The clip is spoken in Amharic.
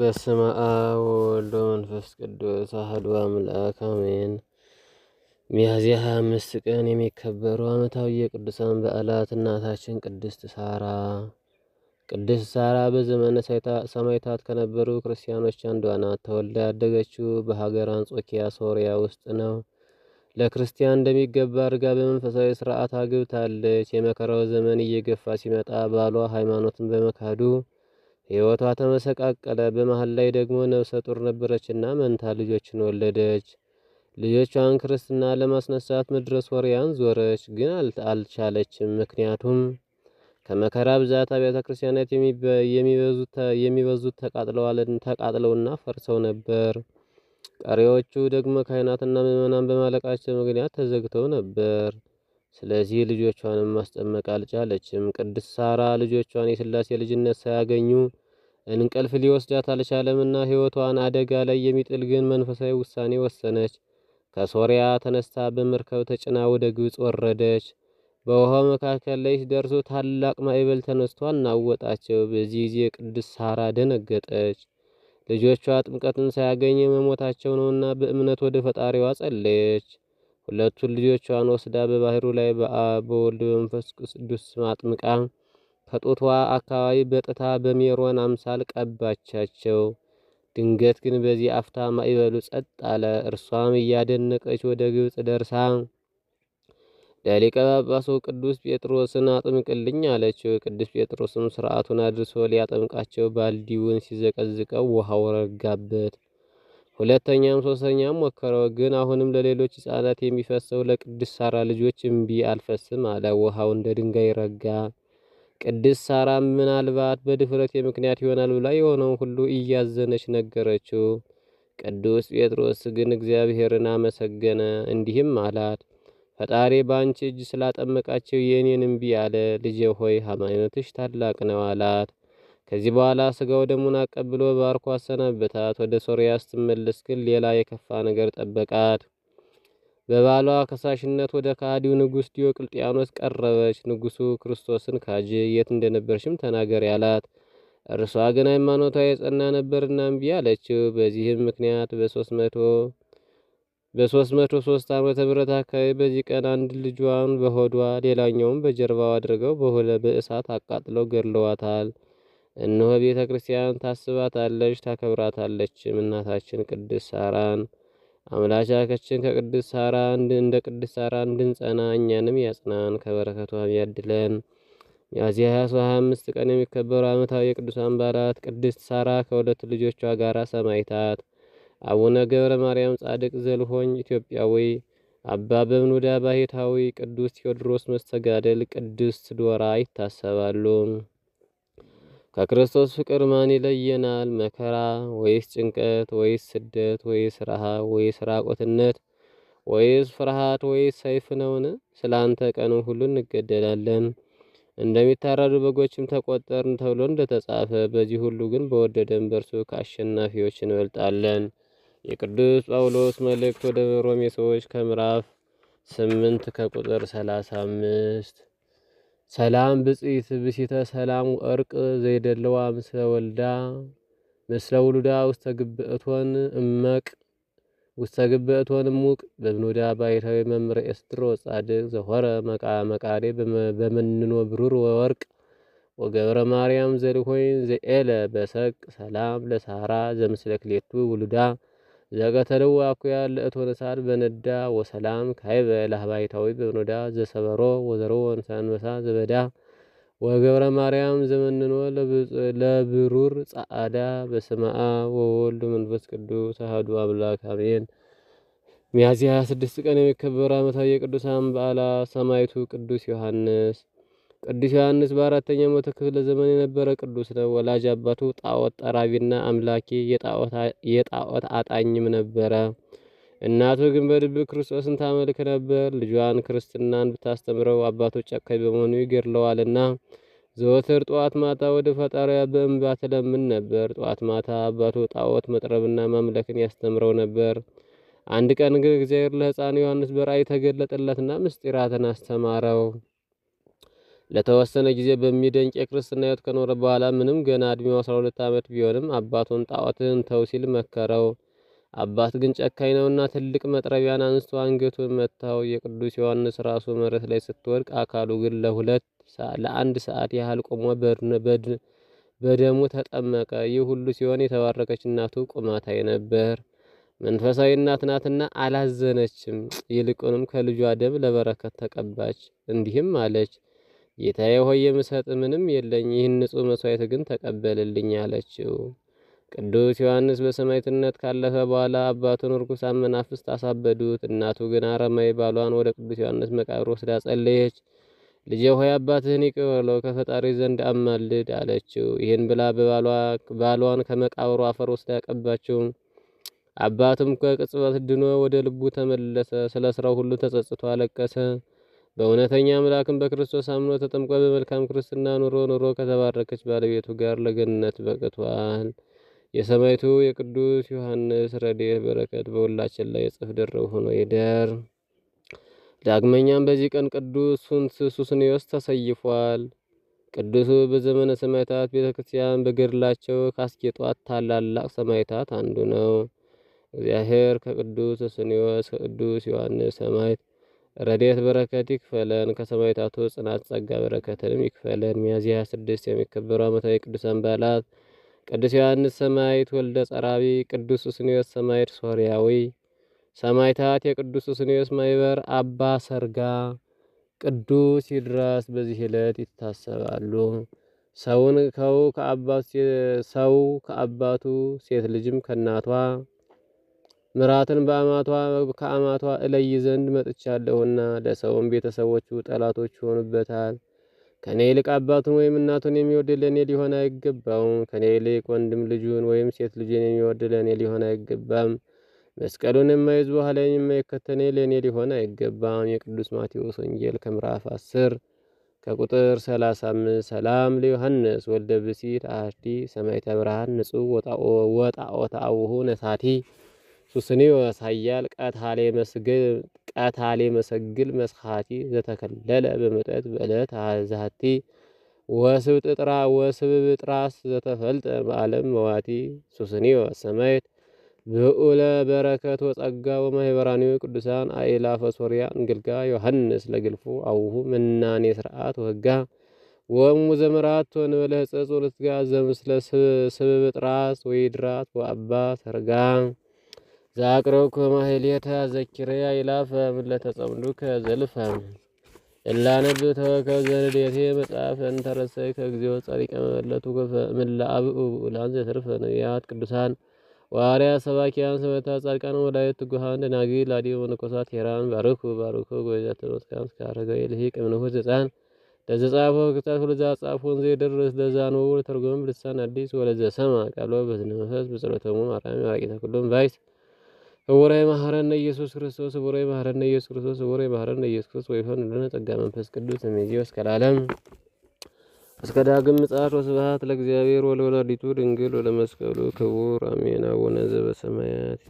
በስመ አብ ወወልድ ወመንፈስ ቅዱስ አሐዱ አምላክ አሜን። ሚያዝያ ሃያ ቀን የሚከበሩ ዓመታዊ የቅዱሳን በዓላት እናታችን ቅድስት ሳራ። ቅድስት ሳራ በዘመነ ሰማዕታት ከነበሩ ክርስቲያኖች አንዷ ናት። ተወልዳ ያደገችው በሀገር አንጾኪያ ሶሪያ ውስጥ ነው። ለክርስቲያን እንደሚገባ አድርጋ በመንፈሳዊ ስርዓት አግብታለች። የመከራው ዘመን እየገፋ ሲመጣ ባሏ ሃይማኖትን በመካዱ ሕይወቷ ተመሰቃቀለ። በመሀል ላይ ደግሞ ነፍሰ ጡር ነበረችና መንታ ልጆችን ወለደች። ልጆቿን ክርስትና ለማስነሳት ምድረ ሶርያን ዞረች፣ ግን አልቻለችም። ምክንያቱም ከመከራ ብዛት አብያተ ክርስቲያናት የሚበዙት ተቃጥለውና ፈርሰው ነበር። ቀሪዎቹ ደግሞ ካህናትና ምዕመናን በማለቃቸው ምክንያት ተዘግተው ነበር። ስለዚህ ልጆቿንም ማስጠመቅ አልቻለችም። ቅድስት ሳራ ልጆቿን የስላሴ ልጅነት ሳያገኙ እንቅልፍ ሊወስዳት አልቻለምና ሕይወቷን አደጋ ላይ የሚጥል ግን መንፈሳዊ ውሳኔ ወሰነች። ከሶሪያ ተነስታ በመርከብ ተጭና ወደ ግብፅ ወረደች። በውሃ መካከል ላይ ሲደርሱ ታላቅ ማዕበል ተነስቶ አናወጣቸው። በዚህ ጊዜ ቅድስት ሳራ ደነገጠች። ልጆቿ ጥምቀትን ሳያገኘ መሞታቸው ነውና በእምነት ወደ ፈጣሪዋ ጸለየች። ሁለቱን ልጆቿን ወስዳ በባህሩ ላይ በአብ በወልድ በመንፈስ ቅዱስ ስም አጥምቃ ከጦቷ አካባቢ በጥታ በሜሮን አምሳል ቀባቻቸው። ድንገት ግን በዚህ አፍታ ማዕበሉ ጸጥ አለ። እርሷም እያደነቀች ወደ ግብፅ ደርሳ ለሊቀ ጳጳሱ ቅዱስ ጴጥሮስን አጥምቅልኝ አለችው። ቅዱስ ጴጥሮስም ስርዓቱን አድርሶ ሊያጠምቃቸው ባልዲውን ሲዘቀዝቀው ውሃው ረጋበት። ሁለተኛም ሶስተኛም ሞከረው። ግን አሁንም ለሌሎች ሕፃናት የሚፈሰው ለቅድስት ሳራ ልጆች እምቢ አልፈስም አለ። ውሃው እንደ ድንጋይ ረጋ። ቅድስት ሳራ ምናልባት በድፍረት ምክንያት ይሆናል ብላ የሆነውን ሁሉ እያዘነች ነገረችው። ቅዱስ ጴጥሮስ ግን እግዚአብሔርን አመሰገነ፣ እንዲህም አላት፦ ፈጣሪ በአንቺ እጅ ስላጠመቃቸው የእኔን እምቢ አለ። ልጄ ሆይ ሃይማኖትሽ ታላቅ ነው አላት። ከዚህ በኋላ ስጋው ደሙን አቀብሎ ባርኮ አሰናበታት። ወደ ሶርያ ስትመለስ ግን ሌላ የከፋ ነገር ጠበቃት። በባሏ ከሳሽነት ወደ ከሃዲው ንጉሥ ዲዮቅልጥያኖስ ቀረበች። ንጉሡ ክርስቶስን ካጅ የት እንደነበርሽም ተናገር ያላት፣ እርሷ ግን ሃይማኖቷ የጸና ነበርና እምቢ አለችው። በዚህም ምክንያት በሶስት መቶ በሶስት መቶ ሶስት ዓመተ ምህረት አካባቢ በዚህ ቀን አንድ ልጇን በሆዷ ሌላኛውም በጀርባው አድርገው በሁለ በእሳት አቃጥለው ገድለዋታል። እነሆ ቤተ ክርስቲያን ታስባታለች ታከብራታለችም እናታችን ቅድስት ሳራን አምላካችን ከቅድስት ሳራ እንደ ቅድስት ሳራ እንድንጸና እኛንም ያጽናን ከበረከቷም ያድለን። ሚያዝያ 25 ቀን የሚከበሩ ዓመታዊ የቅዱሳን በዓላት ቅድስት ሳራ ከሁለት ልጆቿ ጋር ሰማይታት አቡነ ገብረ ማርያም ጻድቅ ዘልሆኝ ኢትዮጵያዊ፣ አባ በምኑዳ ባሕታዊ፣ ቅዱስ ቴዎድሮስ መስተጋደል፣ ቅድስት ዶራ ይታሰባሉ። ከክርስቶስ ፍቅር ማን ይለየናል? መከራ ወይስ ጭንቀት ወይስ ስደት ወይስ ረሃብ ወይስ ራቆትነት ወይስ ፍርሃት ወይስ ሰይፍ ነውን? ስለ አንተ ቀኑ ሁሉ እንገደላለን፣ እንደሚታረዱ በጎችም ተቆጠርን ተብሎ እንደተጻፈ፣ በዚህ ሁሉ ግን በወደደን በእርሱ ከአሸናፊዎች እንበልጣለን። የቅዱስ ጳውሎስ መልእክት ወደ ሮሜ ሰዎች ከምዕራፍ ስምንት ከቁጥር ሰላሳ አምስት ሰላም ብፅኢት ብሲተ ሰላም ወርቅ ዘይደለዋ ምስለ ወልዳ ምስለ ውሉዳ ውስተ ግብእቶን እመቅ ውስተ ግብእቶን እሙቅ በብኑዳ ባይታዊ መምር ኤስድሮ ጻድቅ ዘሆረ መቃ መቃዴ በመንኖ ብሩር ወወርቅ ወገብረ ማርያም ዘሪሆይን ዘኤለ በሰቅ ሰላም ለሳራ ዘምስለ ክሌቱ ውሉዳ ዘገተደው አኩያ ለእቶነ ሳድ በነዳ ወሰላም ካይበ ላህባይታዊ በኖዳ ዘሰበሮ ወዘሮ ወንሳንበሳ ዘበዳ ወገብረ ማርያም ዘመንኖ ለብሩር ጻዕዳ በስማአ ወወልዱ መንፈስ ቅዱስ አህዱ አምላክ አሜን። ሚያዝያ 26 ቀን የሚከበር ዓመታዊ የቅዱሳን በዓላት ሰማዕቱ ቅዱስ ዮሐንስ ቅዱስ ዮሐንስ በአራተኛ መቶ ክፍለ ዘመን የነበረ ቅዱስ ነው። ወላጅ አባቱ ጣዖት ጠራቢና አምላኪ የጣዖት አጣኝም ነበረ። እናቱ ግን በልብ ክርስቶስን ታመልክ ነበር። ልጇን ክርስትናን ብታስተምረው አባቱ ጨካኝ በመሆኑ ይገድለዋልና ዘወትር ጠዋት ማታ ወደ ፈጣሪያ በእንባ ትለምን ነበር። ጠዋት ማታ አባቱ ጣዖት መጥረብና ማምለክን ያስተምረው ነበር። አንድ ቀን ግን እግዚአብሔር ለሕፃን ዮሐንስ በራእይ ተገለጠለትና ምስጢራትን አስተማረው። ለተወሰነ ጊዜ በሚደንቅ የክርስትና ሕይወት ከኖረ በኋላ ምንም ገና ዕድሜው 12 ዓመት ቢሆንም አባቱን ጣዖትን ተው ሲል መከረው። አባት ግን ጨካኝ ነውና ትልቅ መጥረቢያን አንስቶ አንገቱን መታው። የቅዱስ ዮሐንስ ራሱ መሬት ላይ ስትወድቅ አካሉ ግን ለሁለት ለአንድ ሰዓት ያህል ቆሞ በደሙ ተጠመቀ። ይህ ሁሉ ሲሆን የተባረከች እናቱ ቁማታይ ነበር። መንፈሳዊ እናት ናትና አላዘነችም። ይልቁንም ከልጇ ደም ለበረከት ተቀባች። እንዲህም አለች ጌታዬ ሆይ የምሰጥ ምንም የለኝ፣ ይህን ንጹሕ መሥዋዕት ግን ተቀበልልኝ አለችው። ቅዱስ ዮሐንስ በሰማዕትነት ካለፈ በኋላ አባቱን ርኩሳን መናፍስት አሳበዱት። እናቱ ግን አረማዊ ባሏን ወደ ቅዱስ ዮሐንስ መቃብር ወስዳ ጸለየች። ልጄ ሆይ አባትህን ይቅር በለው ከፈጣሪ ዘንድ አማልድ አለችው። ይህን ብላ ባሏን ከመቃብሩ አፈር ወስዳ ያቀባችው። አባቱም ከቅጽበት ድኖ ወደ ልቡ ተመለሰ። ስለ ስራው ሁሉ ተጸጽቶ አለቀሰ። በእውነተኛ አምላክም በክርስቶስ አምኖ ተጠምቆ በመልካም ክርስትና ኑሮ ኑሮ ከተባረከች ባለቤቱ ጋር ለገነት በቅቷል። የሰማይቱ የቅዱስ ዮሐንስ ረድኤት በረከት በሁላችን ላይ እጥፍ ድርብ ሆኖ ይደር። ዳግመኛም በዚህ ቀን ቅዱስ ሱስንዮስ ተሰይፏል። ቅዱሱ በዘመነ ሰማዕታት ቤተ ክርስቲያን በገድላቸው ካስጌጧት ታላላቅ ሰማዕታት አንዱ ነው። እግዚአብሔር ከቅዱስ ሱስንዮስ ከቅዱስ ዮሐንስ ሰማዕት ረድኤት በረከት ይክፈለን። ከሰማዕታቱ ጽናት ጸጋ በረከትንም ይክፈለን። ሚያዝያ 26 የሚከበሩ ዓመታዊ ቅዱሳን በዓላት ቅዱስ ዮሐንስ ሰማዕት ወልደ ጸራቢ፣ ቅዱስ ሱስንዮስ ሰማዕት ሶርያዊ፣ ሰማዕታት የቅዱስ ሱስንዮስ ማኅበር፣ አባ ሰርጋ፣ ቅዱስ ይድራስ በዚህ ዕለት ይታሰባሉ። ሰውን ከው ከአባቱ ሰው ከአባቱ ሴት ልጅም ከእናቷ ምራትን በአማቷ ከአማቷ እለይ ዘንድ መጥቻለሁና ለሰውም ቤተሰቦቹ ጠላቶች ይሆኑበታል። ከእኔ ይልቅ አባቱን ወይም እናቱን የሚወድ ለእኔ ሊሆን አይገባውም። ከእኔ ይልቅ ወንድም ልጁን ወይም ሴት ልጁን የሚወድ ለእኔ ሊሆን አይገባም። መስቀሉን የማይዝ በኋላ የማይከተለኝ ለእኔ ሊሆን አይገባም። የቅዱስ ማቴዎስ ወንጌል ከምዕራፍ አስር ከቁጥር 35 ሰላም ለዮሐንስ ወልደ ብሲት አህዲ ሰማይተ ብርሃን ንጹሕ ወጣኦታአውሁ ነሳቲ ሱስኔው ያሳያል ቀታሌ መሰግል መስኻቲ ዘተከለለ በመጠት በእለት አዛቲ ወስብ ጥጥራ ወስብ ጥራስ ዘተፈልጠ በዓለም መዋቲ ሱስኔው ሰማየት ብዑለ በረከት ወጸጋ ወማህበራኒ ቅዱሳን አእላፈ ሶርያ እንግልጋ ዮሐንስ ለግልፉ አውሁ ምናኔ ስርዓት ወጋ ወሙ ዘመራት ወንበለ ህጸጽ ወለትጋ ዘምስለ ስብ ጥራስ ወይድራት ወአባ ሰርጋ ዛቅረው ከማህሌታ ዘኪርያ ይላፈ ለተጸምዱከ ዘልፈ እላነብ ተከዘልዴቴ መጽሐፍ እንተረሰይ ከእግዚኦ ጸሪቀ መበለቱ አብኡ ላን ዘትርፈ ነቢያት ቅዱሳን ዋርያ ሰባኪያን ስመታ ጻድቃን ወላየት ትጉሃን ደናጊ ላዲ መነኮሳት ሄራን ባርኩ ባርኩ ጎይዛት ወስካን ስካረገ የልሂቅ ዘፃን ለዘ ጻፎ ክታት ሁለዛ ጻፎን ዘይደርስ ለዛኖ ተርጎም ልሳን አዲስ ወለዘ ሰማ ቃሎ በዝነ መንፈስ በጸሎተሙ ማርያም ያቂታ ኩሎም ቫይስ ወራይ ማህረነ ኢየሱስ ክርስቶስ ወራይ ማህረነ ኢየሱስ ክርስቶስ ወራይ ማህረነ ኢየሱስ ክርስቶስ ወይፈን ለነ ጸጋ መንፈስ ቅዱስ እምይእዜሰ እስከ ለዓለም እስከ ዳግም ምጽአት። ወስብሐት ለእግዚአብሔር ወለወላዲቱ ድንግል ወለመስቀሉ ክቡር አሜን። አቡነ ዘበሰማያት